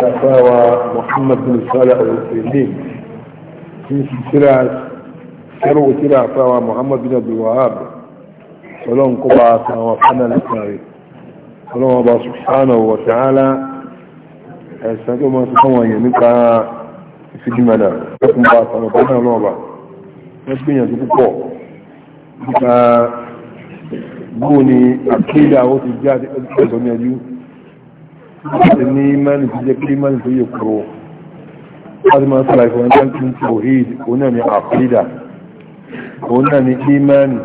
شافاوى محمد بن صالح الوسيلين في سلسلة شرو سلسلة فاوى محمد بن عبد الوهاب سلام قبعة فاوى حنا الأسماري سلام الله سبحانه وتعالى أسألوا ما تسمى يمكا في جمالا لكم بعض سلطانا ونوبا نسبين يتبقوا بوني أكيدا وتجاد أدخل من يجيو láti ní imani tó jẹ́ kí imani tó yẹ kúrò láti máa sọ́la ìfọ̀n tó ń kí ní tawhid òun náà ni àfídà òun náà ni imani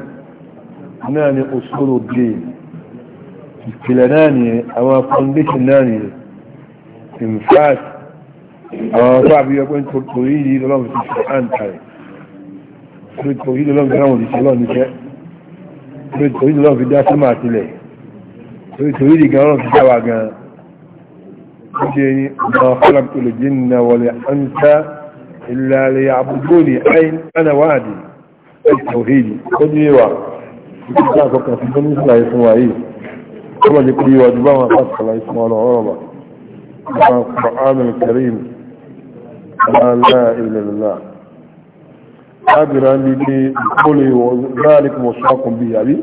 náà ni usulu din ìpìlẹ̀ náà ni àwọn foundation náà ni in fact àwọn tó àbí ọgbẹ́ nítorí yìí lọ́wọ́ ti ṣe àǹtàrẹ̀ جيني ما خلقت الجن والانس الا ليعبدوني اي انا وادي التوحيد خذني وا كتاب كتاب من لا يسمع كما إيه. يقول واجب ما فصل لا يسمع العرب القران الكريم لا لا الا الله قادر لي بقولي وذلك مصاق بي يعني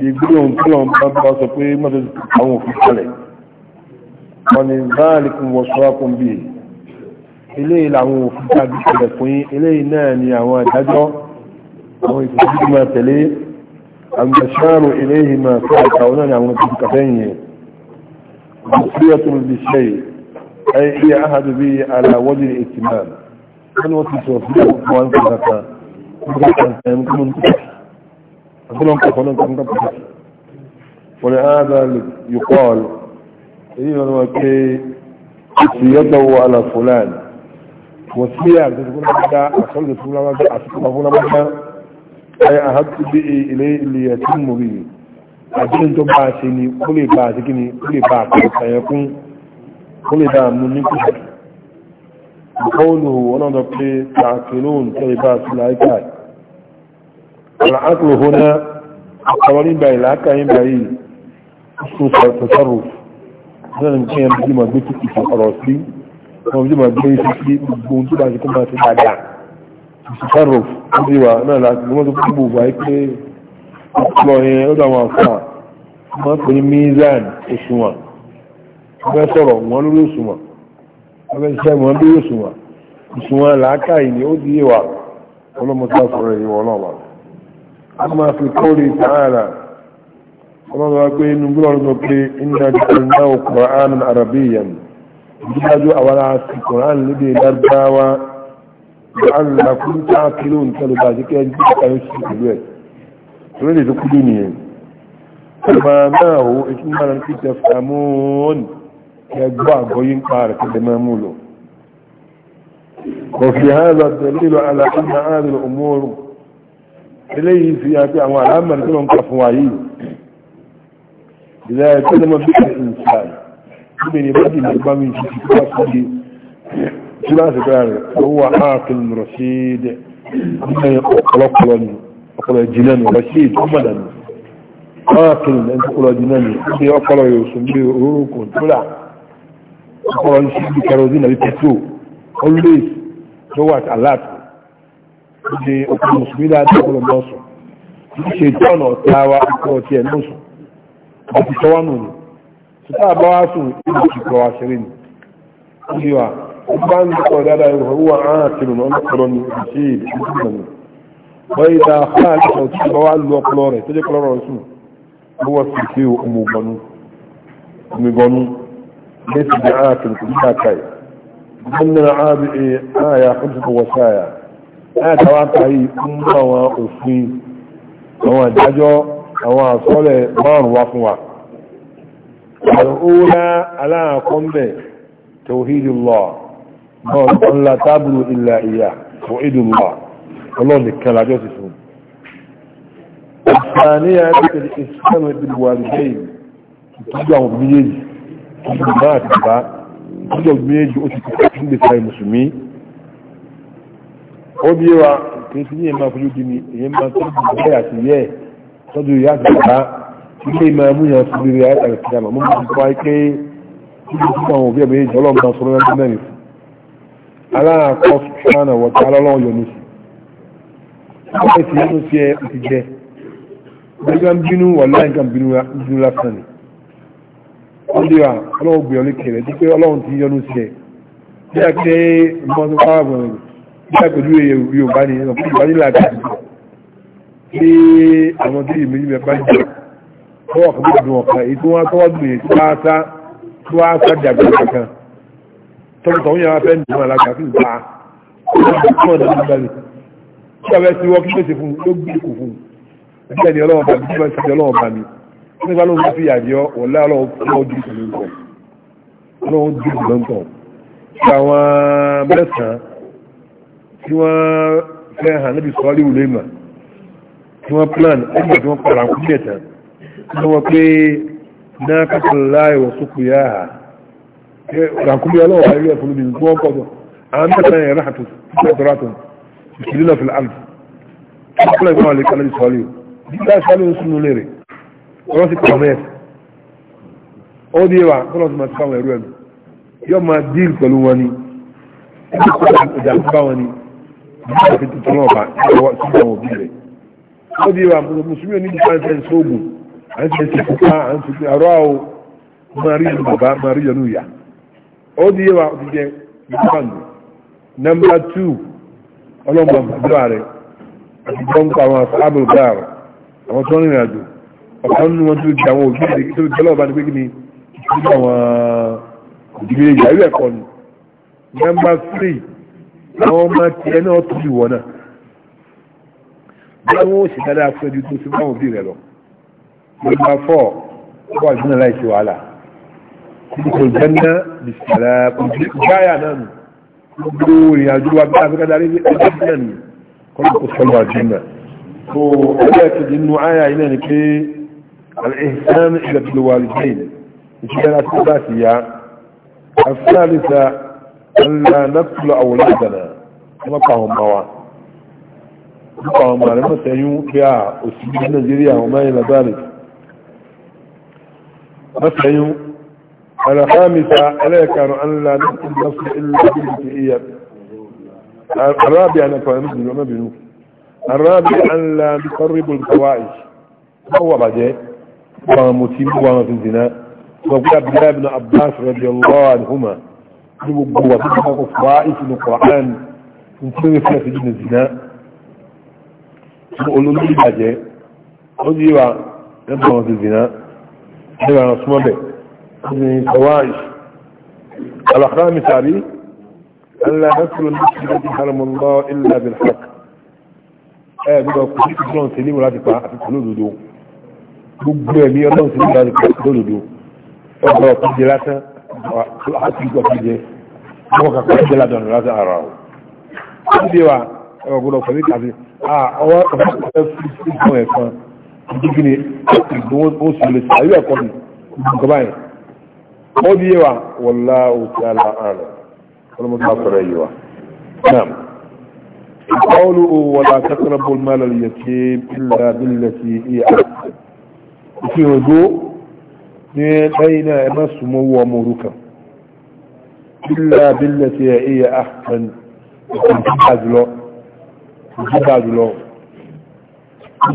يقولون كلهم بابا في wọ́n ni báàlìkùn wọ̀ṣọ́kùn bí eléyìí làwọn òfin tàbí ṣẹlẹ̀ fún yín eléyìí náà ni àwọn àdájọ́ àwọn ìtòsí máa tẹ̀lé àgbàṣàrò eléyìí máa fẹ́ àtàwọn náà ni àwọn òfin kàfẹ́yìn yẹn وصية بالشيء أي هي أحد به على وجه الائتمام من وصية وصية وأنت زكاة ولهذا يقال èyí wọn wọ́n pé ti yẹ́gbẹ̀wọ̀ ala fulani wọ́n sí àti fúnlámọ́dá àṣọ́lẹ̀ fúnlámọ́dá àti fúnlámọ́dá ayé àhàtú bí ilé ilé ẹ̀tí mú rí àdín tó bá ṣe ni ó lè bá àti kíni ó lè bá àkàyẹkún ó lè bá mú ní kùsà قوله ونظر في تعقلون كيبات العكاد العقل هنا القوانين باي العكاين باي التصرف náà ní ẹn bí ma gbé tó ìfẹ́ ọ̀rọ̀ sí wọn bí ma gbé sí sí gbogbo ohun tó bá ti kó máa ti dáadáa ìsìkárò ó ti wà náà láti wọ́n tó kó gbogbo àyè pé ọ̀pọ̀ yẹn ó dáwọn àfà wọ́n pè ní mizan òṣùwọ̀n wọ́n fẹ́ sọ̀rọ̀ wọn lórí òṣùwọ̀n wọ́n fẹ́ sẹ́ wọn lórí òṣùwọ̀n òṣùwọ̀n làákà ìní ó ti yé ومن واقعي نقول نقولي إن جعلنا قرآنا عربيا جاجوا أولا عسك القرآن الذي نرداوا جعلنا كل تعقلون كالبا ذكي أجل كنسي كبير فلن يتكديني فما ناهو إسم مالا كي تفهمون كأجواء قوين قارة كدمامولو وفي هذا الدليل على أن هذه الأمور إليه في هذه الأمور أمر كلهم كفوائي إذا كلم بك الإنسان ابن بدي من ثلاثة قال هو عاقل رشيد أما يقول أقل أقل جنان رشيد أملا عاقل أن تقول جنان أبي أقل يوسم بي أروك طلع أقل نشيد بكاروزين بكتو always towards alert أبي أقل مسلمين أقل مصر شيطان أتاوى أقل تيان مصر àti sọ́wọ́nù ni títà àbáwá sùn ìlú ìkọ̀ àṣírí ni ìyíwá ìgbà ń dúkọ̀ dáadáa ìwọ̀ wà áhà kìlù náà lọ́pọ̀lọ́ ni ìṣe ìdíjìnà ni wọ́n ìdá fáà ní sọ tí ìbáwá lu ọpọlọ rẹ̀ tó jẹ́ pọlọ rọ̀ sùn àwọn àkọọ́lẹ̀ márùn wá fún wa àrùúrá aláàkọ́m̀bẹ̀ tawhidullah bọ́ọ̀lọ́ ńlá tábùrù ilà ìyà fún ìdùnlọ́ ọlọ́nìkan lájọ́ ti fún ìsàníyà tẹ́lẹ̀ ìsànà ìdìbòwàlùjẹ́ ìtọ́jú àwọn méjèèjì ìtọ́jú bá àti bá ìtọ́jú méjèèjì ó ti kọ́ fún gbèsè mùsùlùmí ó bí wa kìí sí ní ẹ̀mà fojú di ni èyí máa tọ́jú bẹ́ẹ̀ àti yẹ́ tọ́jú ìyá àgbàgbà ilé ìmọ̀-ẹ̀mú yẹn ti lè rí ayé àgbà ti dàmà mú mi kọ́ ayé pé ibi tí àwọn òbí ẹ̀mí ìjọ ọlọ́run kan sọ́rọ́ ẹgbẹ́ mẹ́rin fún aláàkọ́ sùpánà wọ̀tá alọ́lọ́run yọ̀ nìsí àwọn èsì yẹn tó tiẹ̀ ó ti jẹ gbẹ́gbẹ́ ń bínú ni wọ́n lè wà ọlọ́run gbìyànjú lékè rẹ̀ bí a pé mọ́tò pàápàá bí a pẹ̀lú Yorùbá ni Yorùbá nílà pé àwọn tí ìmìlì mẹ́fà jẹ́ ọwọ́ kan bí wọn kan èyí tí wọ́n tọ́wọ́ gbìn tí wọ́n sá tí wọ́n sá dàgbà kankan tọ́lùtọ̀ ń yàrá fẹ́ ní ìmọ̀ alága sí ìgbà ọmọ ìdá ìgbà rẹ̀ tí a bẹ ti wọ́n kí ló ṣe fún ló gbé kù fún bí ẹni ọlọ́wọ́ bá mi bí wọ́n ṣe ọlọ́wọ́ bá mi nípa ló ń fi àjọ ọ̀la ọlọ́wọ́ ju ìlú ń kọ̀ ọlọ́wọ́ ju ìlú ń kọ̀ tí àwọn mẹ́sàn-án tí wọ́n fẹ́ hàn níbi sọ́ọ́lì wùlé mọ̀ tí wọ́n plan ẹgbẹ̀ tí wọ́n pàrà ń kúrẹ̀ tán tí wọ́n pé náà kásán láì wọ̀ sókù yá ha ràkúnmí ọlọ́wọ́ ilé ẹ̀fún mi tí wọ́n kọjọ àwọn mẹ́ta yẹn rà tó tẹ́ tọ́ra tó ìṣìlẹ̀ náà fìlà àlù tí wọ́n pẹ̀lẹ̀ ìfọ̀n àlèkà lẹ́yìn sọ́ọ́lì o nígbà sọ́ọ́lì ń sunu lérè wọ́n sì pọ̀ mẹ́ẹ̀sì ó dé wọn ni ẹ̀jẹ̀ fi tuntun náà bá ìjọba sí àwọn òbí rẹ̀ ó di wa mùsùlùmí ò ní bí fáńsẹ̀ ń à ń sẹ́sẹ̀ pupa à ń sẹ́sẹ̀ àrọ́ àwọ̀ máa rí yẹnu bàbá máa rí yẹnu ìyá ó di wa ó ti nọmba tù ọlọ́mọ àbúrò rẹ̀ àti gbọ́npa àwọn àbúrò bá àwọn tó ń rìnrìn àjò ọ̀kan nínú wọn tó di àwọn òbí rẹ̀ tó di ọlọ́ọ̀bá ni pé kí ni ìdílé àwọn òbí ni nọmba tírì àwọn ọmọ tiẹ̀ náà tó ìwọ náà báwo ó sì dáadáa fún ẹjú tó ti báwọn òbí rẹ lọ nígbà fọ wà nínú láìsí wàhálà kò jẹ́nà bìsàlá gbáyà náà nù gbogbo ìrìn àjò wa bí afẹ́ká darí ní ẹgbẹ́ náà nì kọ́nà kò sọ́lọ́ àjò náà tó ẹgbẹ́ kejì nínú àyà yìí náà ni pé al-ihsan ila bil walidayn ìṣẹ́lẹ̀ láti bá sí ya afẹ́ká lè sa an la naqtulu awladana wọ́n pa àwọn ọmọ wa nípa àwọn màrẹ́ mọ́tẹ̀yún pé à òsìlú nàìjíríà àwọn máyìn labari mọ́tẹ̀yún alhamisa ẹlẹ́ẹ̀kanu anla ní ìlọ́sí ìlọ́sí ti iya arábíà na fàánù ìlú ọmọbìnú arábíà anla ní kọrìbùl kọwàí wọ́n wà bàjẹ́ wọn mo ti mú wọn ti zina sọ pé abdullahi bin abbas radiyallahu anhuma ní gbogbo wa tó kọ́kọ́ fàá ìsinmi kọ̀ọ̀án ní tí ó rí fẹ́ sí jù ní zina fún olórí ìbàjẹ́ ó di wa ẹgbẹ́ wọn ti dìnnà ẹgbẹ́ wọn súnmọ́ bẹ̀ ó di kọwáì alàkàmì tàbí ẹlẹ́ ẹ̀sùn lọ́sí lọ́sí haramọ́lọ́ ilẹ̀ abẹ́lẹ́fàk ẹ gbọ́dọ̀ kò sí ìṣúná ti níwò láti pa àti kò lódodo gbogbo ẹ̀mí ọlọ́run ti níwò ọgbọ́dọ̀ pẹ̀lú ìtàbí ọwọ́ ẹ̀fọn ẹ̀fọn jíjí ni ó sì lè sàárì ẹ̀kọ́ ni nǹkan báyìí ó di yẹwà wọlá òtí àlà ọlọ́mọdé àpẹẹrẹ yìí wa naam ìkọlù wọlá kẹsàn-án ìjọba jùlọ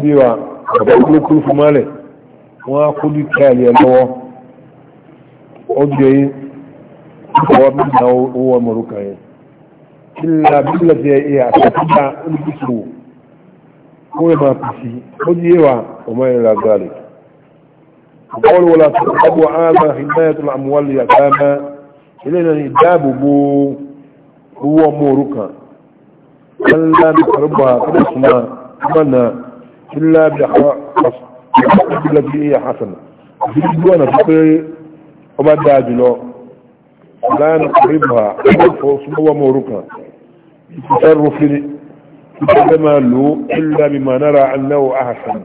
bí wa ọ̀gá ìlú kúrú fún mọ́lẹ̀ wọ́n á kó dúkìá ilẹ̀ lọ́wọ́ ó jẹ́ yí ọwọ́ bí na owó ọmọrúkà yẹn ilẹ̀ abúlé ti ẹ̀ àtàkùnjà olùkùsù ó yẹ máa pèsè ó jẹ́ wa ọmọ ìlà gàlẹ̀ ọ̀pọ̀lọpọ̀ أن لا نقربها قدسنا منا إلا بحق التي هي حسنة في الدوانا تقول وما داجلو لا نقربها فوصم وموركا تصرف كما له إلا بما نرى أنه أحسن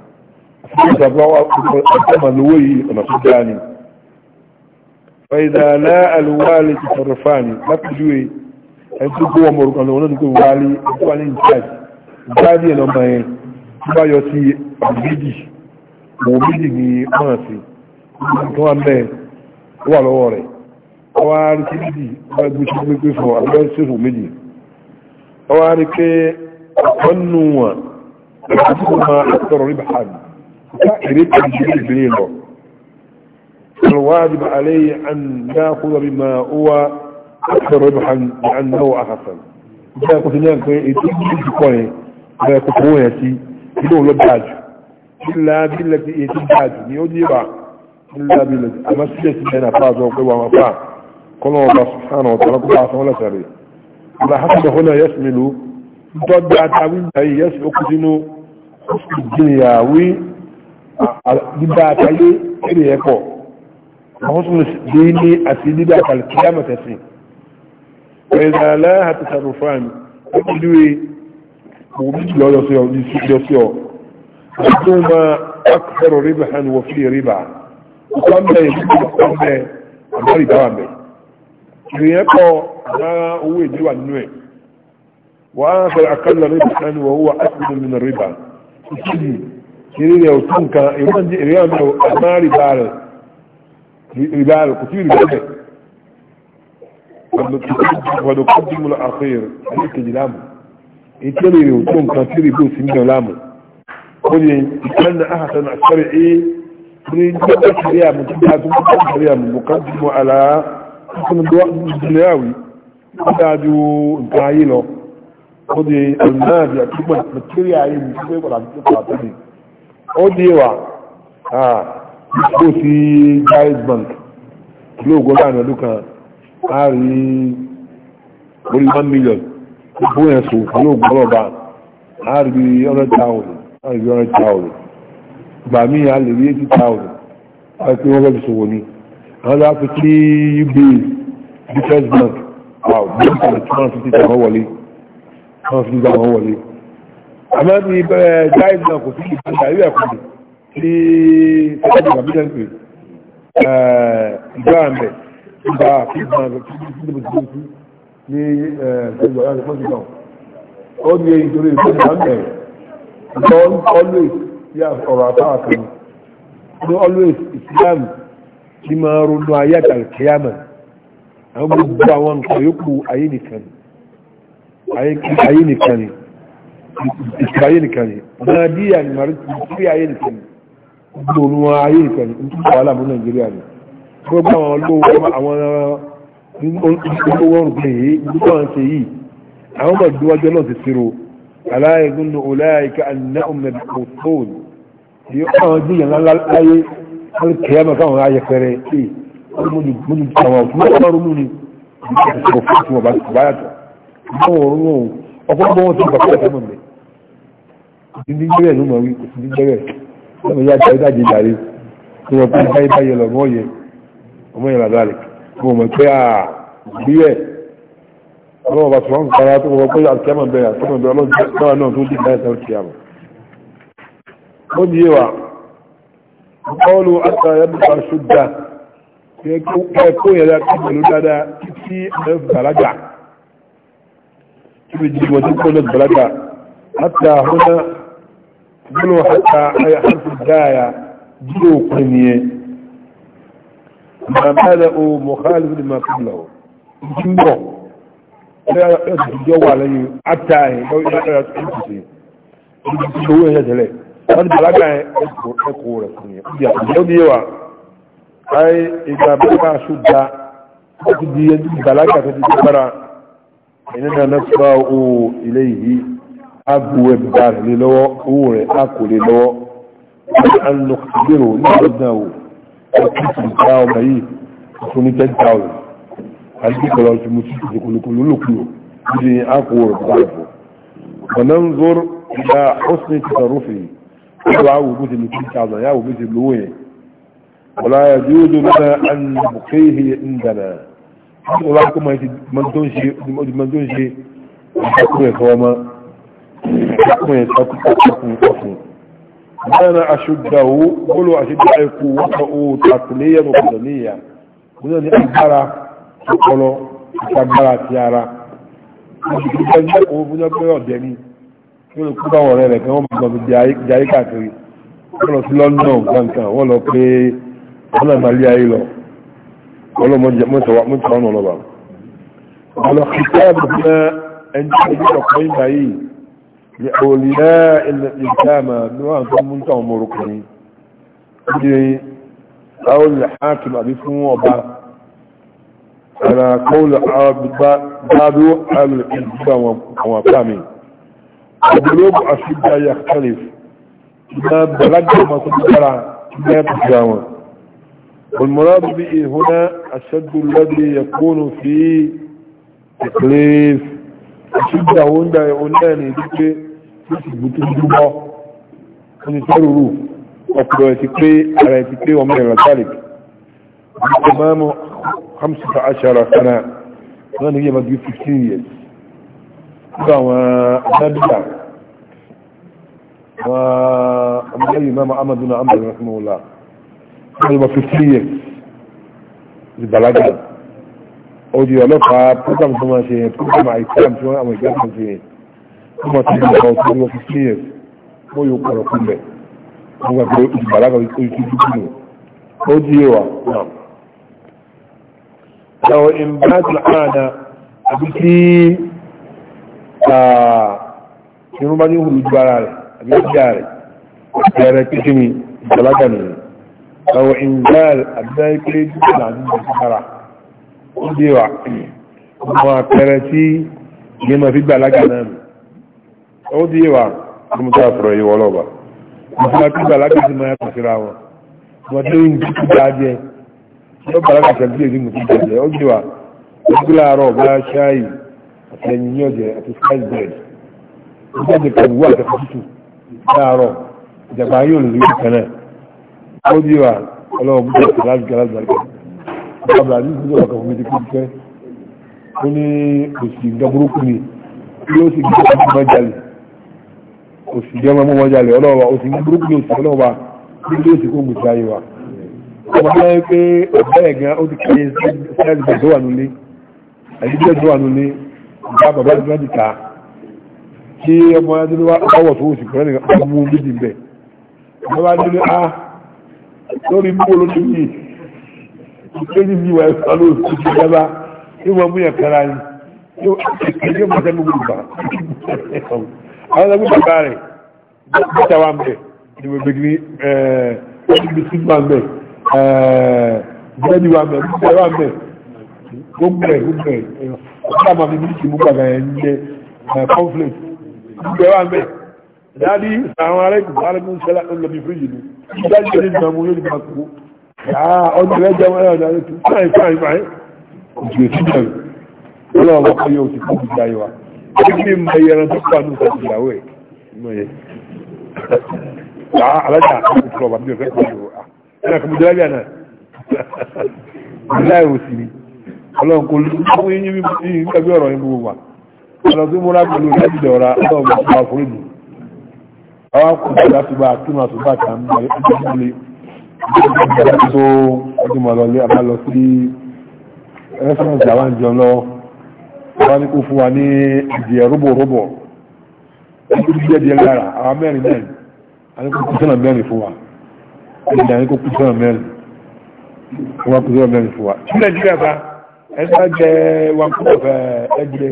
فإذا لا الوالي تصرفاني لا تجوي ẹtú kó ọmọ orúkọ lọ lọ́dún pé wálé wálé ìjáde ìjáde ẹ̀ lọ́mọ yẹn tó bá yọ sí àbíjì òun méjì ní ọ̀nà sí tó wà mẹ́ ó wà lọ́wọ́ rẹ̀ ọwọ́ arí sí méjì ọwọ́ ẹgbẹ́ sí pépé fún àbúrò sèfù méjì ọwọ́ arí pé ọ̀nù wọn àti kò máa àtọ̀rọ̀ rí bàhánì ká èrè kan sí ìbílẹ̀ lọ. الواجب عليه أن نأخذ بما هو أكثر ربحا لأنه أخفل جاء قلت لك يتجد قوي ويقفويتي بدون لبعج إلا بالتي يتجد يجيب إلا بالتي أمسيت لنا فاز وقوى وفاء قال الله سبحانه وتعالى قل عصا ولا سري على حسب هنا يشمل متوبع تعوين أي يسلك سنو حسن الدنياوي dídá àtàlé èrè ẹ̀kọ́ àwọn tó ń dé ní àti dídá àtàlé kíyàmọ̀ tẹ̀sìn ẹ̀dà aláhàtà sàrùfàn ọdúnwé òbí lọ́dọ̀ sí ọ tó ma akọrọ̀ ríbà hàn wọ fi ríbà ọkọ̀ mẹ́ ìgbìmọ̀ mẹ́ àmàrí dáwà mẹ́ ìrìyàn kọ àmàrà owó ìdíwà nínú ẹ̀ wọ́n á fẹ́ akọ́lọ̀ ríbà hàn wọ owó asìlẹ̀ nínú ríbà ìkìlì ìrìyàn òtún kan ìrìyàn mẹ́ àmàrí dáwà rẹ̀ kò sí ríbà mẹ́ ونقدم الأخير عليك جلام يتلي وتون كثير يقول سمين لامو قولي كان أحسن الشرعي قولي شريعة مقدم شريعة مقدم على حسن الدنياوي قدادو انتهايلو قولي المادي أكبر متشريعة مقدم على مقدم قولي وا ها يقول في جايز بنك لو قولان لو كان a rí orí 1 million gbogbo ẹ̀sùn pẹ̀lú ògbọ́lọ́ba a rí 100,000 a rí 100,000 gbà mí a lè rí 80,000 a pín wọ́n bẹ́bí sọ̀wọ́ ní àwọn láti kí uba defense bank wow bank and transfer ti nígbà fíìmù fíìmù fíìmù ní ẹgbẹ̀rún ọ̀rọ̀ ìpọ́sí náà ó ní èyí torí ìpọ́sí náà mẹ́rin ìjọ always yà ọ̀rọ̀ àtàwà kan always Islam ti máa ronú ayé àtàkìyàmà àwọn gbogbo àwọn nǹkan yòókù ayé nìkan ayé nìkan ni ni máa díyà ní màrí tí ayé nìkan ni gbogbo àwọn olówó àwọn olówó ọ̀rùn pé yìí gbogbo àwọn ṣe yìí àwọn ọmọ ìdíwájọ́ náà ti ṣírò aláìgún ní oláìka àná ọmọ ìkòtóòlù yìí àwọn jíyàn láyé alìkẹ́yàmọ̀ káwọn ayẹ pẹ̀rẹ̀ pé mọ́jú àwọn ọ̀fún mú ni ìgbésẹ̀ fún ọ̀fún ọba báyàtọ̀ báwọn ọ̀rún wọn ọ̀pọ̀lọpọ̀ wọn ti bàbá ẹ̀tẹ́mọ̀ mẹ́ ìdí jẹ́rẹ̀ ló mọ̀ wí kò sí jẹ́rẹ̀ lọ́mọ yá jẹ́ ìdájẹ́ ìdàrí tí wọ́n pín báyìí báyìí lọ́mọ yẹn وما إلى ذلك هو متاع بيه الله سبحانه وتعالى وقل على الكلام بيه الكلام بيه الله جاء أنه تودي بيه سوى الكيامة قد يوع قالوا أتى يبقى شدة يكون يلا كبير لدى كتي ألف بلجع كبير جيب وتكون بلجع حتى هنا قلوا حتى أي حرف الداية جلو قنيه ما بدأوا مخالف لما قبله جنبه يتجوى عليه التاهي لو يقرأت انتسي هو يجلي قد بلغا يقول السنية يقول يوا أي إذا بلغا شدة قد يجب بلغا تتجبرا إننا نسبع إليه أبو بار للو أوري أكو للو أن نخبره نخبره ọkùnrin ká ọmọ yìí fún ní ten thousand alìkọlọ ti mú títí kòlòkòlò lòkulò ní àkówó báyìí ọ̀nà ń zọrọ ìgbà ọ̀sìn ti sọ̀rọ̀ fèyí ọ̀rọ̀ àwọn òbí ti mú ten thousand yà òbí ti lówó yẹn wọ́lá yàjú ojú náà an bùkéhì ń dànà wọ́n bá kó máa tó ń ṣe ọ̀dùmọ̀tò ń ṣe ọ̀dùmọ̀tò ẹ̀fọ́ أنا أشده قلوا أشده قوته تقنية وقدمية قلوا أني أكبر قلوا أكبر تيارا ìgbìyànjú ẹ̀kọ́ fún ọgbẹ́ ọ̀dẹ́ ní lórí kúbà wọ̀n rẹ̀ kan wọ́n máa gbọ́n jẹ́ káàkiri wọ́n lọ sí London kankan wọ́n lọ pé wọ́n náà máa lé ayé lọ wọ́n lọ mọ́tò ọ̀nà ọ̀lọ́ba wọ́n lọ kìtà ẹ̀bùn fún ẹni tó ń bí ọkọ̀ ìgbà yìí لأولياء الإسلام نوعا كمونتا ومركني أو الحاكم أبي فمو أبا على قول بعض أهل الإسلام ومقامي أبلوب أشد يختلف ما بلد ما تبقر لا تجاوز والمراد به هنا الشد الذي يكون في تكليف الشدة هنا يقولان ذكي láti gbé tó dúbọ́ ó ti tẹ́rù rù ọkùnrin ẹ̀ ti pé ara ẹ̀ ti pé ọmọ ẹ̀rọ talik ìtẹ̀mọ́mù hamsita ashara sana náà ní yẹmọ́ bí 15 years nígbà àwọn anábìyà àwọn ọmọlẹ́yìn mẹ́mọ́ amadu na amadu rahimahullah wọ́n yẹmọ́ 15 years ìbàlágà ó di ọlọ́pàá program tó máa ṣe program àìsàn tí wọ́n àwọn ṣe yẹn ọmọ tí ó kọ̀ tó wọ́n fi sí ẹ̀ mọ́ yóò kọ̀rọ̀ fún mẹ́ wọ́n gbà pé ìbàlágà ojú dúdú nù ó di ẹwà náà àwọn ìmbájú àádá àbí tí irun bá ní hùlù ju ara rẹ̀ àbí ìjà rẹ̀ ẹ̀rẹ̀ kíkí ni ìbàlágà nìyẹn àwọn ìmbájú àbídá ìpínlẹ̀ dúdú náà ní ìbàlágà ó di ẹwà ọmọ àpẹẹrẹ tí ìyẹn máa fi gbàlágà náà ó di ìwà tó mú tààtọ̀rọ̀ ìwọ̀ ọlọ́ba ìfúnra pípa lágbèsí máa yàtọ̀ síra wọn wọ́n tó ń bí kíkà jẹ́ ó bá bí èdè mú jẹ́ ó di ìwà ó gbé bá ṣáàyì àti ẹyin ní ọ̀jẹ̀ àti spice bread ó jáde pẹ̀lú wà àti tútù láàárọ̀ ìjàpá yóò lè rí kan náà ó di ìwà ọlọ́wọ́ bú tẹ̀sí láti gà láti ní ìdílé ọ̀kà fún mi ó sì gbé ọ̀kà mọ́jálì òsì jẹ́ ọmọ wọn jalè ọlọ́wà òsì ní burúkú lòsì ọlọ́wà nílé òsì kó gbèsè ayé wa ọmọ náà yẹ pé ọ̀bẹ́ ẹ̀gán ó ti kéye sẹ́ẹ̀lì bẹ̀ tó wà nulé àyíjẹ́ tó wà nulé bá bàbá tó láti ta kí ọmọ adúlé wa ọwọ́ tó òsì kọ́rẹ́ nìkan ọmọ mú méjì bẹ̀ bàbá adúlé a ah, lórí mú olóṣù yìí ìkéjì mi wà ẹ̀fọ́ lóṣù tó dábà yóò mú yẹn kára yìí yóò àwọn ẹgbẹ́ bàbá rẹ̀ bàtà wà mbẹ̀ ìgbẹ̀gbẹ̀gbẹ̀ ẹ̀ẹ́dìgbẹ̀sí wà mbẹ̀ ẹ̀ẹ́dìgbẹ̀sí wà mbẹ̀ ẹ̀ẹ́dìgbẹ̀sí wà mbẹ̀ gbogbo ẹ̀ gbogbo ẹ̀ ọ̀pá àmàmì mílíkì mú gbàgbà ẹ̀ ń jẹ conflict gbogbo ẹ̀ wà mbẹ̀ dáadí àwọn arẹ́gbẹ̀ arẹ́gbẹ̀ ń sẹ́lá ń lọ bí fíríjì ni dájú ẹni nà mú lórí máa kú ọdún rẹ̀ jẹ́ wọn ẹ̀rọ ìdájọ́ tó fáì fáì fáì òjò ìtújọ́ ọlọ́ọ̀lọ́kọ́ yóò ti kú ìjà yìí wa ẹgbẹ́ mọ ẹran tó pàánù sọ́tù ìyàwó o mọ ẹ̀ alájà àti ọba bí ọ̀fẹ́ pẹ̀lú ẹ̀rọ kọmọdé lábẹ́ àná ìlà ìwòsì ni ọlọ́run kò lóun yín bí nígbàgbé ọ̀rọ̀ yín gbogbo wa ọlọ́run tó múra pẹ̀lú ìlú ìdọ̀ra ọlọ́run bá fún àforíjì àwọn akọ̀ọ̀dọ̀ láti bá àtúnmọ̀ àtúbà kan ní ọjọ́ tó ọdún mọ̀lọ́lé àbálọ sí rẹ́fẹ́rẹ́nsì àwọn ìjọ lọ́wọ́ wọ́n ní kó fún wa ní ìdíyẹ rúbọ̀rúbọ̀ ẹgbẹ́ ìdíyẹ díẹ̀ lára àwọn mẹ́rin mẹ́rin àní kó kú sọ́nà mẹ́rin fún wa ẹgbẹ́ àní kó kú sọ́nà mẹ́rin fún wa kú sọ́nà mẹ́rin fún wa tí nàìjíríà bá ẹgbẹ́ jẹ́ wọn kú ọ̀fẹ́ ẹgbẹ́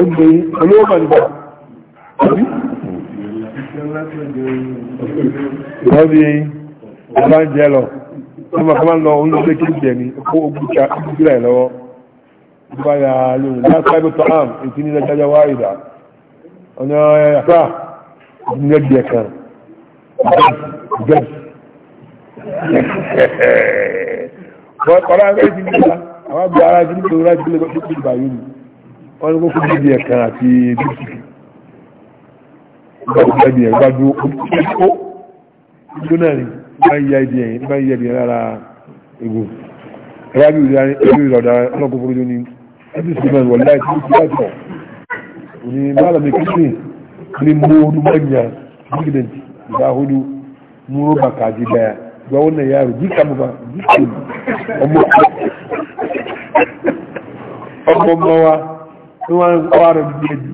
ẹgbẹ́ olówó mà nípa ìwọ́dí ọba ń jẹ lọ ọmọ kan máa baya lónìí náà sábẹ́ tó àm ètí ní ẹjọ́ wá ìdá ọ̀nà ẹ̀fà ní ẹgbẹ̀ kan gẹ́gẹ́ ọ̀rọ̀ ẹgbẹ́ ti nígbà àwọn àgbà ara ti nígbà láti lè gbọ́dọ̀ tó gbà yìí wọ́n ní kó fún ẹgbẹ̀ kan àti bíkì gbàgbọ́ ẹgbẹ̀ ẹ̀ gbàgbọ́ ó gbóná rí máa ń ya ẹgbẹ̀ ẹ̀ máa ń ya ẹgbẹ̀ rárá egbò ẹgbẹ́ ìrọ̀dá ọlọ́kùnrin lónìí ẹbí sinimá wọ̀ láì tó ti láìpọ̀ òní málàmì kíkì ní mú olúmọ̀nyà dígidẹ̀ntì ìgbà ahọ́dú mú rọ́bà kàdí dáa ìgbà wọn náà yàrá jíkà mọ́ba jíkà ọmọ ọmọ ọmọ wa ní wọn wá rẹ̀ bí ẹbí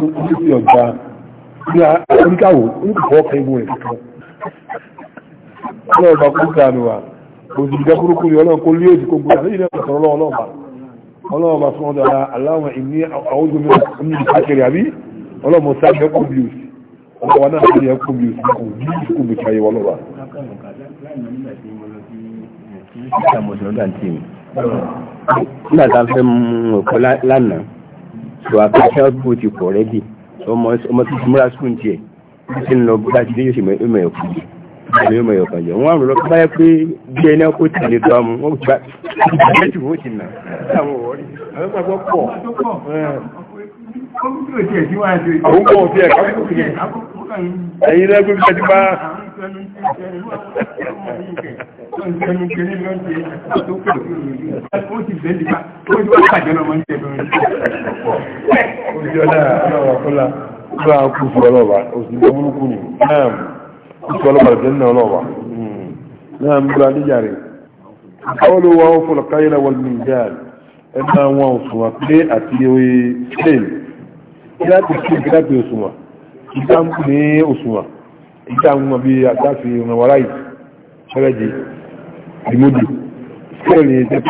ní ti ọ̀gá ní oníkàwò oníkàwò ọkọ̀ ewu rẹ̀ kíkọ́ ọlọ́ọ̀bà kúrúkà òsì ìgbà ni ọlọ́ọ̀kọ́ lé òsì kó gbọ́dọ̀ lẹ́yìn náà sọ̀rọ̀ ọlọ́ọ̀bà ọlọ́wọ́ bá fún ọdọ́ aláwọ̀ ìní àwọ́gbọ́mí àbí ọlọ́mọ sáàbí ẹkùn bí òsì ọlọ́wọ́ náà sáàbí ẹkùn bí òsì kò bí ìsìnkú mi káyé wọlọ́wà nígbàtà fẹ́ mú ọkọ̀ lánàá ti ń lọ bá ti dé yóò sì mọ̀ ẹ̀kùn yìí ìgbà ni ó mọ ìyọ̀kan jẹ wọn àrùn bá yẹ pé bí ẹni ọkọ tì lè tọ́ mu wọn gba ìgbàlẹ̀ tí ti nà láwọn òwòrí àwọn ìpàgọ́ pọ̀ àwọn pọ̀ sí ẹ̀ ẹ̀yin lẹ́gbẹ́ bí ẹjú bá Ìjọ́lá àwọn ọ̀pọ̀lá, ó bá kú fún ọlọ́wà, òsìnkú burúkú ni, náà ìtọ́lọ́mọ̀ ìjẹ́nà ọlọ́wà náà ń gbá níjàre ọlọ́ wa ó fọlọ̀ káyẹ́lá wọl mìíràn ẹ máa wọn òṣùwọ̀n pé àti oye spain láti kí n kíláàpì òṣùwọ̀n ìjà ń ní òṣùwọ̀n ìjà ń mọ̀ bí àtàfi ìrànwọ́rá yìí fẹ́rẹ́jì ìmúdì spain yìí tẹ́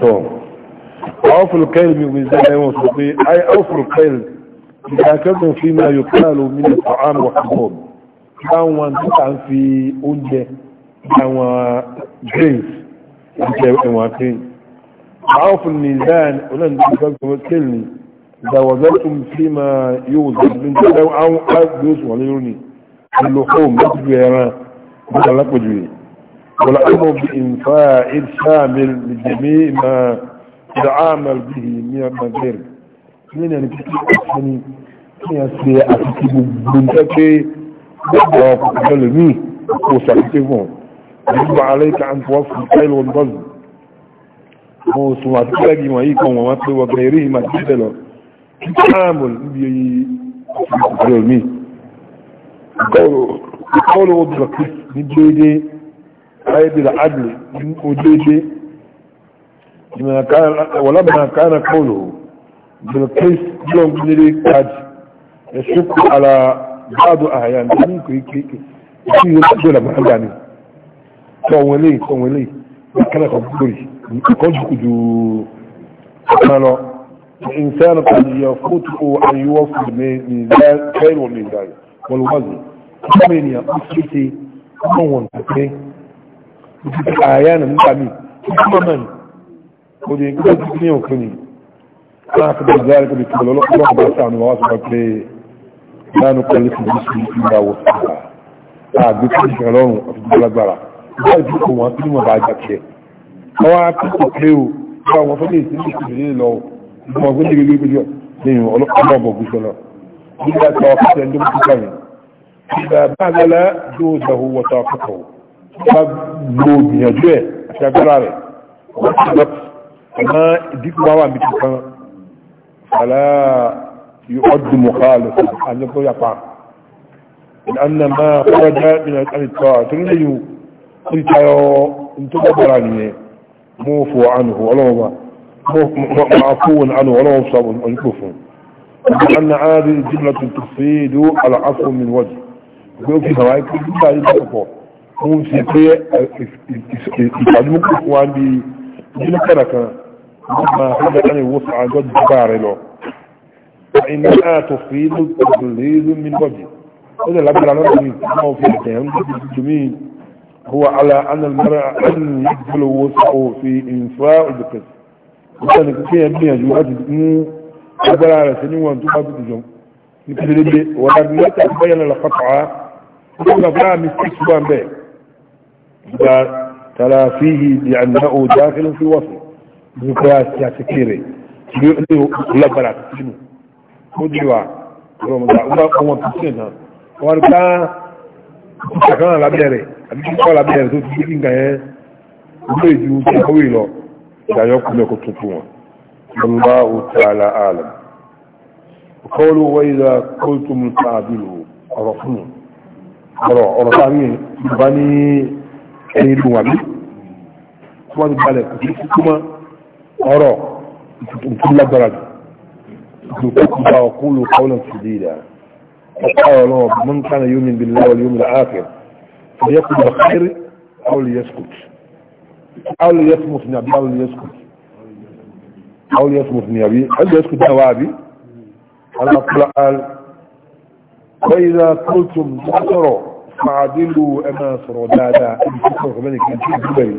fẹ́ أوفوا الكيل من ميزان وسطي أي أوفوا الكيل إذا فيما يقال من الطعام والحبوب كانوا تطعن في أنجة كانوا جينز أنجة وانتين أوفوا الميزان ولن تكون كيلني إذا وزرتم فيما يوزن من تلو أو أبيوس وليوني اللحوم مجبيرا مجبيرا لك وجوه بإنفاء الشامل لجميع ما تعامل به من المغير من أن تكون يسري أكتب بنتك وتكلمي وصحتهم يجب عليك أن توفي الخيل والبذل موسوعات كلاجي وعيكم ومثل وغيرهما جدلا تعامل بتكلمي قوله قوله بالقسط من جيدي عيد العدل من أدلي ولما كان قوله بالقيس جلو بنري قد يشك على بعض أحيان كي كي كي يقول ما حداني تونلي تونلي كان قبولي كنت كدو كانوا الإنسان قد يفوته أن يوفر من ذلك خير من ذلك والوزن كمين يا أسرتي كمون تكي أحيانا من كمين كمين ودي كده تبني وكني أعقد ذلك بكل الله بس عن واسبك لي لا نكلف باسم إلا وسعها أعد بكل شغلون أفضل الأكبر ذلك يكون واسبك ما بعدك شيء أو أعقد تكليو فهو فلي يسمي سبيلي لو ما قلت لي لي بليو لين الله بقول شلا إذا توافقت عندهم تكلم إذا بذل جوده وطاقته فبلو بيجوه أشياء قراره وقت àmọ́ ìdíkù bá wà níbi kan fàlà ọdún mọ̀ká lọ́sọ̀ àjọpọ̀ yapa ìdáná máa fọ́rọ́já ìrìn àtàlítọ́ àtúrúlẹ̀yìn ó ti tayọ ìtọ́gbọ̀bọ̀ra nìyẹn mú fò ànù ọlọ́wọ́ معفو عنه ولا مصاب ونكفه لأن هذه الجملة تفيد العفو من وجه يقول في هوايك لا يتفقه موسيقى يتعلمك إخوان بجملة كنكا مما حدث عن الوسعى قد بارلو فإنها تفيد تضليل من وجه هذا الأمر على ما في الحيان الجميل هو على أن المرأة أن يدخل وسعه في إنفاء البكس وكان فيها بنية جوهات الدمو أبرا على سنين وانتقاط الجمع نكتب لدي ولكن لا تبين القطعة ولا فلا مستشفى به تلا فيه لأنه داخل في وصف dúkọ́ àti àtìkí rẹ̀ ní ọlọ́gbàrà tìtìmù ó dìwà ọmọdé ọmọ tìtìmù náà wọ́n rí ká ìṣàkánà lábẹ́rẹ̀ àbí kíkọ́ lábẹ́rẹ̀ tó ti gbígbà yẹn ilé ìjú tí ó wì lọ ìdájọ́ kúlẹ̀ kó tuntun wọn lọ́lá ó ti ala àlọ́ kọ́wọ́lú wọ́n yìí lọ kó tó mú ta àbílò ọ̀rọ̀ fún ọ̀rọ̀ ìtùtù lágbára jù ìtùtù bá ọkùnlù kọ́ọ̀lù sùdídà ọ̀pọ̀ náà mọ́n kánà yóò min bílá wọlé yóò láàfẹ́ fọ́yẹ́kù bá kẹ́rì áwòlìyẹ́sùkùt áwòlìyẹ́sùkùt ní àbí áwòlìyẹ́sùkùt áwòlìyẹ́sùkùt ní àbí áwòlìyẹ́sùkùt náà wà àbí alákùlá al bẹ́yìnà kúltùm sọ̀rọ̀ fàdílù ẹ̀ máa sọ̀rọ̀ dáadáa ibi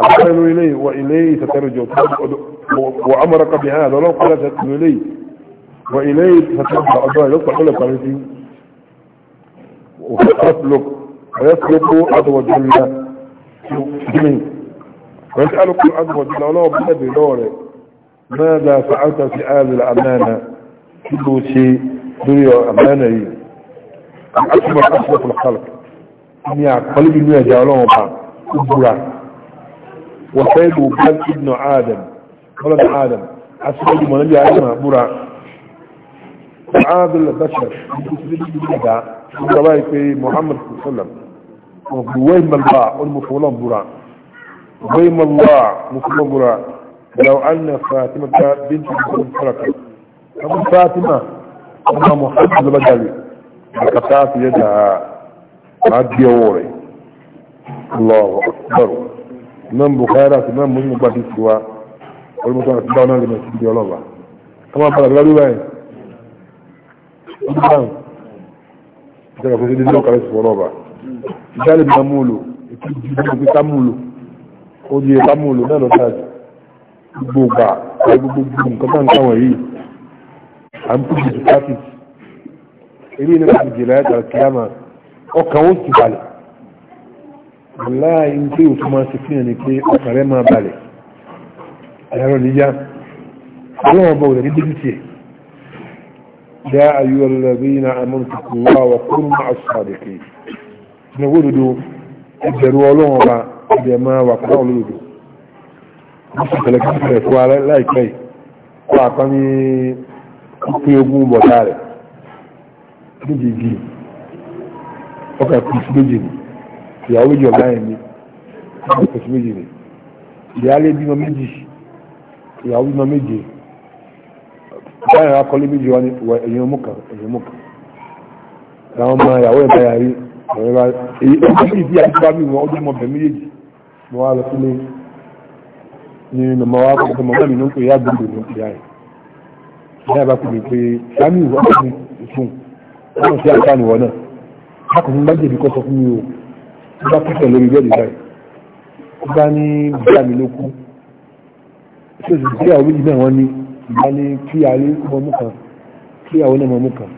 أحسنوا إليه وإليه سترجع وأمرك بهذا ولو قلت إليه وإليه سترجع أدوان يطلق لك عليه ويسلك أدوى جنة وجل ويسألك أدوى جنة ولو بلدي دوري ماذا فعلت في آل الأمانة كل شيء دنيا أمانة أكبر أشرف الخلق إني يعقلب المياه جعلهم بعض كبرات وفيل بل ابن آدم ولد آدم أسفل من نبي آدم برا عاد البشر رواية في محمد صلى الله عليه وسلم ويم الله المفولان برا ويم الله مفولان برا لو أن فاطمة بنت محمد فرقت أبو فاطمة أبو محمد بدلي قطعت يدها عد يوري الله أكبر imam bukhari àti imam muslim gbàdí sí wa olùmọ̀tò àti báwọn náà lè mọ̀ sí ibi ọlọ́ba kọ́mọ padà lọ́dún báyìí ọdún báyìí ìjọba kò sí ní ọkàlẹ̀ sí ọlọ́ba ìjálẹ̀ bíi amúlò ìtújú ìtújú kámúlò ó di kámúlò náà lọ sáà gbogbo gbà gbogbo nǹkan bá ń káwọn yìí à ń pèsè ìtúkàtì èyí ni wọ́n ti jèrè ayé tàbí kílámà ọkàn ó sì balẹ̀ láàáyí tí ò tó máa ṣe fíyàn ní pé ọ̀sàrẹ́ máa balẹ̀ ẹ̀rọ níyá ọlọ́wọ́n bọ̀ òdàdí débi tiẹ̀ dá ayú ọlọ́bí na amọ́ntukù wà wà kúrú máa sàdẹ̀kì ní owó dodo ẹgbẹ̀rú ọlọ́wọ́n bá ẹgbẹ̀ máa wà kúrú olódodo wọ́n sì tẹ̀lé kíkì rẹ̀ fún ara láìpẹ́ kó àpá ní pé ogún bọ̀dá rẹ̀ méjì bíi ọkọ̀ ìpínlẹ̀ ìyàwó méjì ọ̀gá yẹn ni ọ̀sẹ̀ méjì ni ìyáálé bímọ méjì ìyàwó bímọ méje báyọ̀ akọ́lé méjì wá ní èyàn mú kan èyàn mú kan làwọn ọmọ ìyàwó ẹ̀ báyà rí ọ̀rẹ́ bá èyí ọdún ìdí àti bá mi wọn ọdún ọmọ bẹ̀ méjèèjì mo wá lọ sílé ní màmá wa kọ́ ọmọ mi ló ń pè é àgbègbè ní ìyá ẹ̀ ìyá ẹ̀ bá kú mi pé sami ìwọ ọdún ìfún ọmọ sí àgbà nìwọ náà bákan ní bá jẹ̀bi kọ́ sọ fún mi o ó bá pípẹ̀ lórí bẹ́ẹ̀ nìkan ó bá ní bíyà mi ló kú tí ó sì bí àwọn méjì náà wọ́n ní ìgbà ní kí alẹ́ mọ mú kan kí àwọn náà mọ mú kan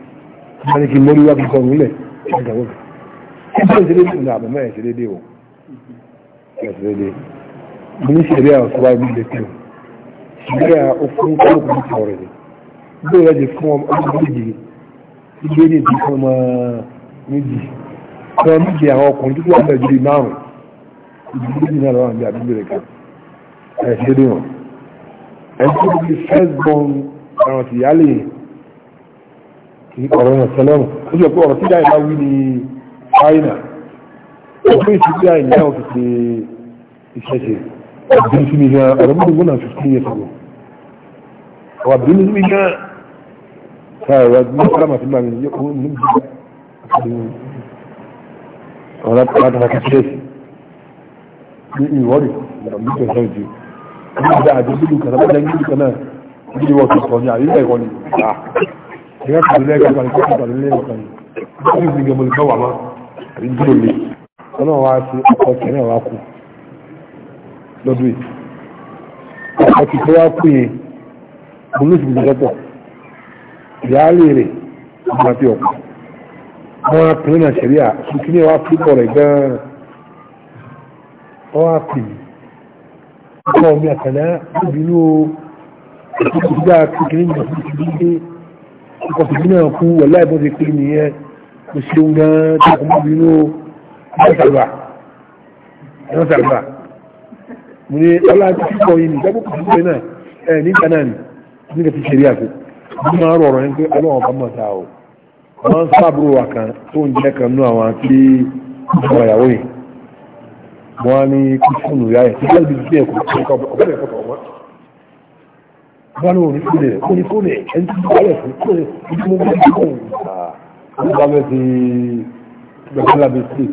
ó bá ní kí mórí wá kí kọrùn nílẹ̀ ìgbàgbọ́ kí bá ń ṣe déédéé ní àbọ̀mọ́ ẹ̀ ṣe déédéé o ẹ̀ ṣe déédéé mo ní ṣẹ̀rí àwọn ọ̀ṣọ́ báyìí lè kí o ṣẹ̀rí àwọn okùn kọ́lùkù ní ọ̀rẹ́ ni bóyá ti fún ọmọ ọmọ méjì ilé ní ìdí fún ọmọ méjì àwọn méje àwọn ọkùnrin tó wà lẹ́jọ́ bíi márùn ìdílé méjì náà lọ́wọ́ àbí àdúgbò rẹ̀ kan ẹ̀ṣẹ́ dé wọn ẹni tó bí first born àwọn ti yá lè ọ̀rọ̀ yẹn sẹlẹ̀rùn ó jẹ́ pé ọ̀rọ̀ tí dáì bá wí ní China ọ̀pọ̀ èsì tí dáì yá òfìsì ìṣẹ̀ṣẹ̀ sí mi gan ọ̀rọ̀ mọ́tò gbọ́nà fifteen years ago ọ̀bí sí mi gan sáà ọ̀rọ̀ mọ́tò ọ̀rọ̀ pàtàkì pàtàkì ní ìwọ́rì ìrọ̀lẹ́gbẹ̀ẹ́ sọ́rọ̀ jù ní ìdá àjẹ́gbẹ̀lú kan lábẹ́ lẹ́gbẹ̀lú kan náà ní ìwọ̀ tó sọ ní àrílẹ̀ ìwọ̀ ni ìyá tó lẹ́gbẹ̀ẹ́ kan ní kọ́kọ́ kan lẹ́gbẹ̀ẹ́ kan ní ìgbìgbẹ̀ mo lè fẹ́ wà má àbí dúró lé ọ̀nà wa ti ọkọ̀ kẹrẹ́ wa kú lọ́dún yìí ọkọ̀ ti fẹ́ wá kú yẹn mo ní ìsìnkú ìyá lè rè ọmọ àti ọkọ̀ àwọn apìnrin náà ṣẹ̀rí à tuntun ní wàá pípọ̀ rẹ̀ gan-an wọ́n á pè ọkọ̀ omi àtàlá obìnrin o ìtọ́jú gbá kékeré ní ọdún ti dídé ọkọ̀ tòbí náà kú wọ̀lá ìbọn ti pè nìyẹn kò ṣeun gan-an tí ọkọ̀ obìnrin o ẹ̀rọ sàlùbà ẹ̀rọ sàlùbà mo ní ọlá ti pípọ̀ yìí ní ìjábọ̀ kòtò pé náà ẹ̀ nígbà náà ní nígbà ti ṣẹ̀rí àfẹ́ mo máa rọrọ̀ yẹn pé ọlọ́run ọba mọ̀ ta o wọ́n sábúrò wà kan tó ń jẹ́ kan ní àwọn tí ọmọ ìyàwó yìí wọ́n ní kí fóònù ìyá ẹ̀ tí wọ́n bí bí ẹ̀kọ́ ọ̀bẹ̀rẹ̀ ẹ̀kọ́ wọ́n wọ́n ní òní fóònù ẹ̀ òní fóònù ẹ̀ ẹni tí wọ́n yẹ̀ fún fóònù ìdí mú bí fóònù ìgbà wọ́n bẹ̀ ti gbẹ̀gbẹ̀ lábẹ́ sí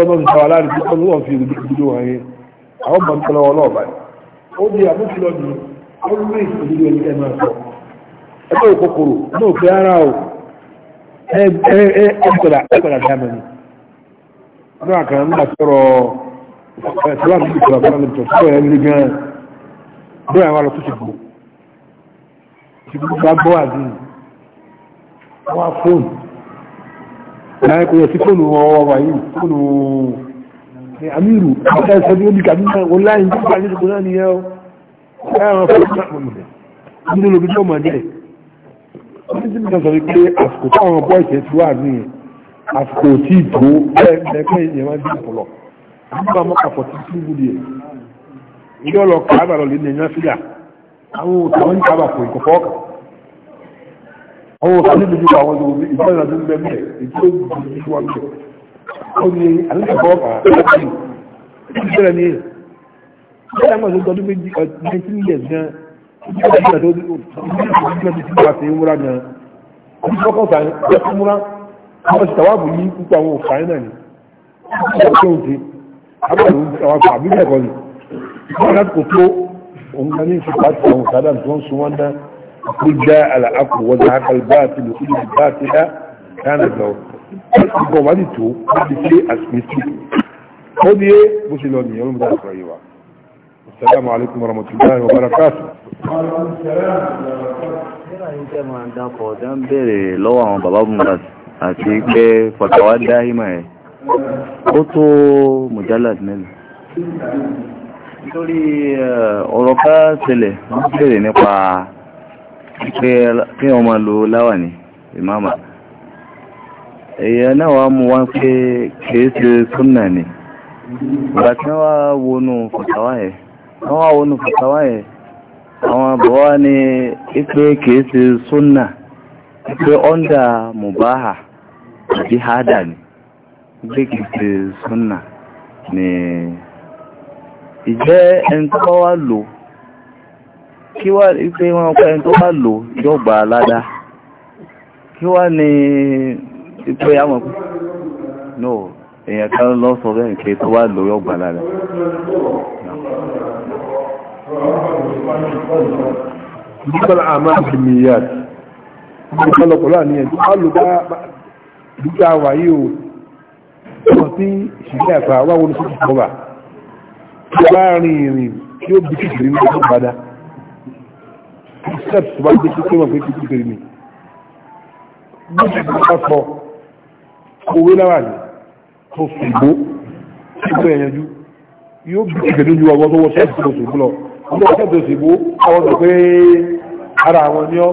i wọ́n náà ti sọ aláàrí tí wọ́n wọ́n fi ìdúró wọn yẹn àwọn bọ̀ nípa lọ́wọ́ náà báyìí ó di àbúkìlọ́ ni ó ń rí ìdúró ẹni kẹ́ máa sọ ẹgbẹ́ ẹ̀kọ́dà dáàmà ní ọdún àkàrà nígbà sọ́rọ̀ ẹ̀sọ́rọ̀ àti ìṣòro àkọ́rọ̀ lẹ́tọ̀ sọ́rọ̀ ẹ̀ lé gan bóyá wà lọ tó ṣe gbò ṣe gbò bá gbọ́ àdín wọ́n fóònù láyé kò yẹ sí fóònù ọwọ́ wà yìí fóònù ní amíru àwọn ẹ̀sọ́ ní obì kàbí náà wọ́n láyé nígbà ní ìṣòro náà nìyẹn ó ọdún tí sọ wípé àsìkò táwọn ọgbọ́ ìṣẹ́ ti wà ní àsìkò tí ìtò ẹgbẹ́ ìyẹn máa dín ọ̀pọ̀lọ̀ nígbà mọ́kà fọ̀tí tí ó wúlò ẹ̀ ilé ọlọ kàábà lọ lè ní ẹ̀yán sílà àwọn òtò wọn ń kàábà fò ìkọ̀kọ́ ọ̀kà àwọn òtò níbi ju àwọn ìjọba tó ń bẹ mẹ èyí tó ń ju wọn bẹ ó ní àlejò ọkà láti ìbẹ̀rẹ̀ ní ẹ̀ ìjọba tó ti wà sí múra gan ọdún fọ́kàn sàn jẹ́ fún múra wọ́n ti tàwábù yí púpọ̀ àwọn òfàáyín náà ni wọ́n tó ń ti abẹ́rẹ́ òun tàwábù àbílẹ̀ ẹ̀kọ́ ni wọ́n láti kò tó òun gan ní ìfipá ti àwọn sádà tó ń sun wọ́n dá kó jẹ́ àlàákù wọ́n dá àkàlùbá àti lòkúlù bá ti dá dáná lọ ìgbọ̀n wá ti tó láti ṣe àsìkò ó ní bó ṣe lọ nìyẹn ló ń bá àṣọ yìí wa. السلام عليكم ورحمة الله وبركاته Ìjẹ́ máa dápọ̀ ọjọ́ ń bèèrè lọ́wọ́ àwọn bàbá Bùnbàs àti pé fọ̀tàwà dáhìmọ̀ ẹ̀. Ó tó Mùjálà Mẹ́lì. Nítorí eh, ọ̀rọ̀ ká tẹ̀lẹ̀, wọ́n bèèrè nípa pé kí wọ́n máa lo láwà ní ìmáàmà. Èyẹ náà wá mú wá pé kìí ṣe súnnà ni. Ìgbà tí wọ́n wá wọnú fọ̀tàwà ẹ̀. àwọn àwọn olùfàtàwà àwọn àbọ̀wá ni ipé kìí ṣe ipé ọ́ndà mùbáhà àti hádà ni ipé kìí ṣe ni ìjẹ́ ẹni tó bá wá lò kí wá ipé wọn kọ́ ẹni tó bá lò ni ipé àwọn no èèyàn kan dúkọ́lá àmà ìmìyàt ìpọlọpọlọ àníyàn tó bá lò bá dúkọ́ àwáyé o wọ́n sí ìṣẹ̀lẹ̀ àfà wà wọ́n sí ìṣọ́bà tó bá rìn ìrìn tí ó bí kìkìrì ní ọjọ́ ìbádá tó bá dé sí ni bí kìkìrì bá fọ owó láwà ní tó fìgbó tó fẹ́ yanjú yóò bí kìkìrì lójú ọwọ́ tó wọ́ sẹ́ẹ̀sì tó fìgbó lọ ilé ẹjọ́ tó sì bú àwọn ọ̀dọ̀ pé ara àwọn ní ọ́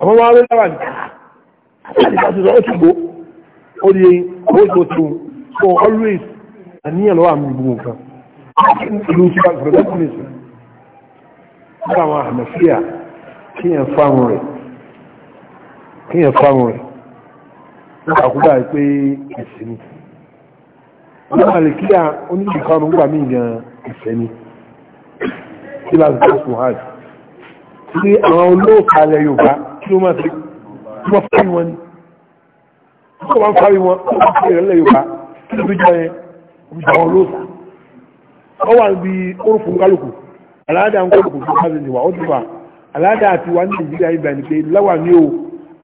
àwọn máa rí lára nìkan láti sọ ọ́sùn bó ó di owó tó tún so always àníyàn lọ́wọ́ àmì ìbú nǹkan ìlú tí wọ́n fẹ́ fún ìsìn lára àwọn àmàfíà kí yẹn fáwọn rẹ̀ kí yẹn fáwọn rẹ̀ wọ́n kàkúdà pé ẹ̀sìn ni wọ́n máa lè kíyà oníṣìkan nígbà míì gan ẹ̀sẹ̀ ni kílàsì tó sùn hajj tí àwọn olóòkà alẹ́ yorùbá kí ló máa fi kí wọ́n fárí wọn ni kí wọ́n fárí wọn kí wọ́n fárí wọn yorùbá kí ló fi jọ yẹn òbí àwọn olóòkà wọ́n wà níbi orúkú kálukú aláàdá ń kálukú tó bá ti wà ó ti wà aláàdá àti wà ní nàìjíríà ibà ní pé láwà ní o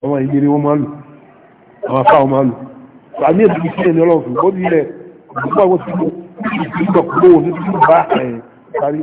àwọn ìyẹrẹ wọn máa lù àwọn afá wọn máa lù àmì ẹ̀dùn ìṣẹ́ ni ọlọ́run fún bọ́ọ̀dù ilẹ̀ òbí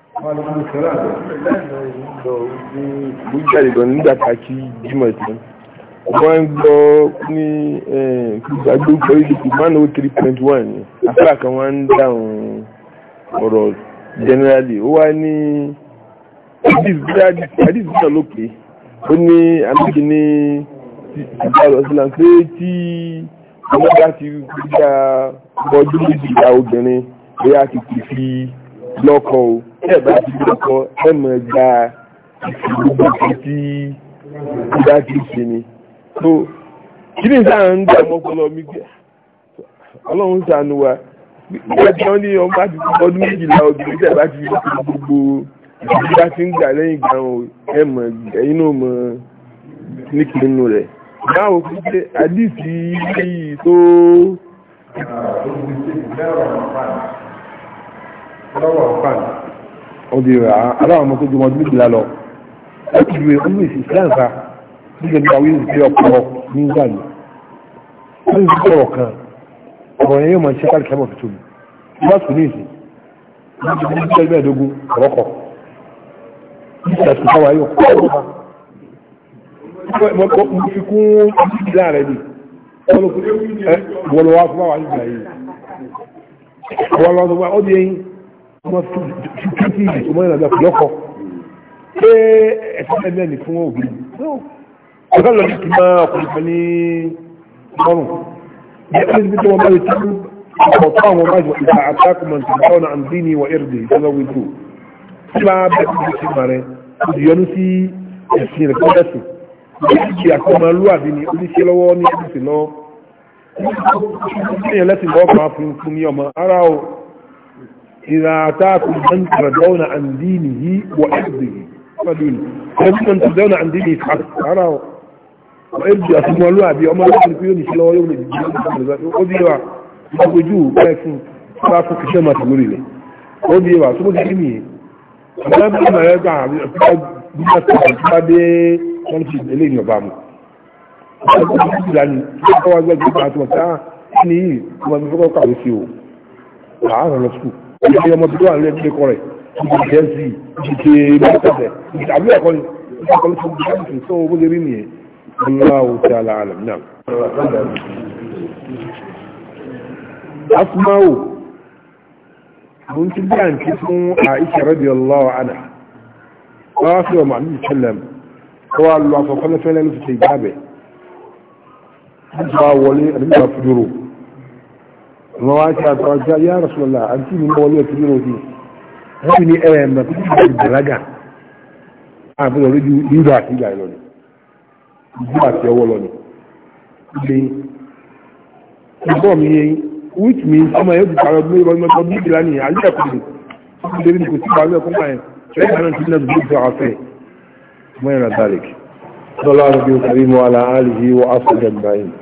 bíjáde gan nígbà tá a kí jimọ̀ ìtàn wọ́n ń gbọ́ ní gbàgbé pọ́lítìkì one oh three point one afẹ́rà kan wọ́n ń dáhùn ọ̀rọ̀ generally ó wá ní adis bíjà lókè ó ní amíkì ní ìbáwọ̀ ọ̀sán pé tí ọmọdé ti kọjá bọ́ọ̀dún méjìlá obìnrin bóyá ti kì í fi lọ́kọ o ẹ bá ti lọ́kọ ẹ mọ̀ gba ìṣòro tí ìdá ti ṣe ni so kí ni sáà ń dà mọ́kànlá mi gbé ọlọ́run ṣàánú wa ìgbàdí wọn ní ọmọ bá ti ọdún méjìlá obìnrin tẹ̀ bá ti lọ́kọ gbogbo ìdí bá ti ń gbà lẹ́yìn ìgbà wọn ẹ mọ̀ ẹ̀yin náà mọ̀ níkiri nù rẹ̀ báwo fi ṣe àdìsí yìí tó lọ́wọ́ ọ̀pá ni òbí rẹ̀ aláwọ̀ ọmọ tó ju ọmọdún méjìlá lọ láti ju ọmọ ìsì ìsìláǹfà nígbà nípa wí ní ọpọlọ ní ìgbàlù wọ́n ti sọ̀rọ̀ kan ọ̀rọ̀ yẹn yóò máa ṣe káàkiri sábà tuntun bá sùn ní ìsìn wọ́n ti ní ìjọba ẹ̀dógún ọ̀rọ̀kọ̀ nígbà tó sáwà yóò kọ́ ọ̀rọ̀ mo fi kún ìdílé rẹ̀ ni wọ́n lọ wá fún wa wá nígbà yìí wọ́n lọ sọ wọ́n fi títí ìṣòmọ́ ìrìnàjò àpòlọ́kọ̀ pé ẹ̀sán ẹgbẹ́ ní fún òbí ọ̀gá lọ sí ti máa ọkùnrin kan ní ọrùn ẹgbẹ́ níbi tí wọ́n bá lè tí ọ̀pọ̀ àwọn ọmọ ìjọ ìta àtàkùnmọ̀n tí wọ́n náà ń dín ní wọ ẹ̀rùdì ìtọ́lọ́wé tó tí wọ́n bá ti ti mọ̀ rẹ̀ ó di yọnu sí ẹ̀sìn rẹ̀ kọ́dẹ̀sì إذا أتاكم من ترجون عن دينه وإرضه فدين من ترجون عن دينه فعلا وإرضي أسمو الله أبي أمر الله في يوني سلوى يوم أديوا أبجو كيفون فافو كشما تقولي لي أديوا سمو تحمي أنا بما يقع بما تقع بما تقع إليه يبامو يعني أقوى الوجه بعد وقتها إني ومن فوق قاعد يسيو تعالى لسكوك ìdí ọmọ tó wà lẹ́nu lẹ́kọ̀ọ́ rẹ̀ ìdí jẹ́sì ìdí mọ́tàbẹ̀ ìdàbí ẹ̀kọ́ ni ìdàkọ́ ló fún bíkàmùsùn tó owó lè rí nìyẹn Allahu ta'ala alam náà. asmawo mun ti bí àǹtí fún Aisha radiyallahu anha wọ́n á fi ọmọ àmì ìṣẹ̀lẹ̀m kó wá lọ àfọ̀kọ́lẹ́fẹ́lẹ́ ló fi ṣe ìjábẹ̀ nígbà wọlé àdúgbò àfojúrò رواتي أتوجه يا رسول الله أنت من مولية كبيرة دي هبني أيام في الدرجة أبدا رجل يدعك إلى إلوني يدعك يا ولوني ìgbọ́ mi yẹ which means ọmọ yóò dùkà ọdún ìrọ̀ ìmọ̀ ọdún ìgbìlá ni àyíká kò lè ṣe ní kò sí ìbàlẹ̀ ọkùn máa ṣe ìgbà náà ti náà dùkú ìfẹ́ àfẹ́